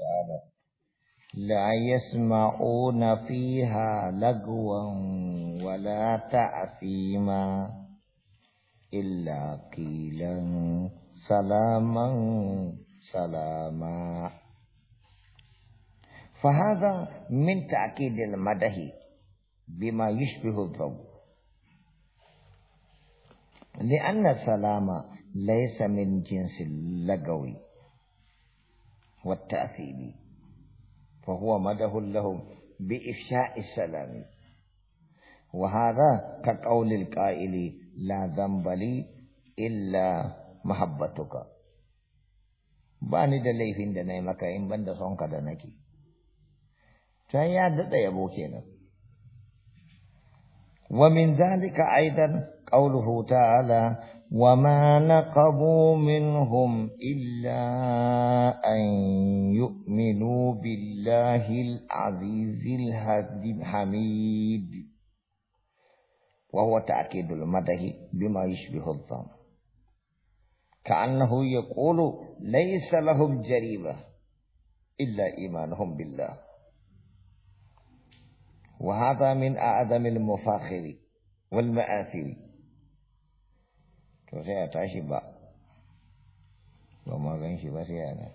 تعالى لا يسمعون فيها لغوا ولا تعثيما إلا قيلا سلاما سلاما فهذا من تأكيد المدح بما يشبه الضوء لأن السلام ليس من جنس اللغوي والتأثيم فهو مده لهم بإفشاء السلام وهذا كقول القائل لا ذنب لي إلا محبتك باني دلي في مكا مكاين بند صنق دنكي فهي عدد يبوكينا ومن ذلك أيضا قوله تعالى وما نقبوا منهم إلا أن يؤمنوا بالله العزيز الحميد وهو تأكيد المدح بما يشبه الظن كأنه يقول ليس لهم جريمة إلا إيمانهم بالله وهذا من أعظم المفاخر والمآثر to sai a tashi ba ba ma gan shi ba sai yana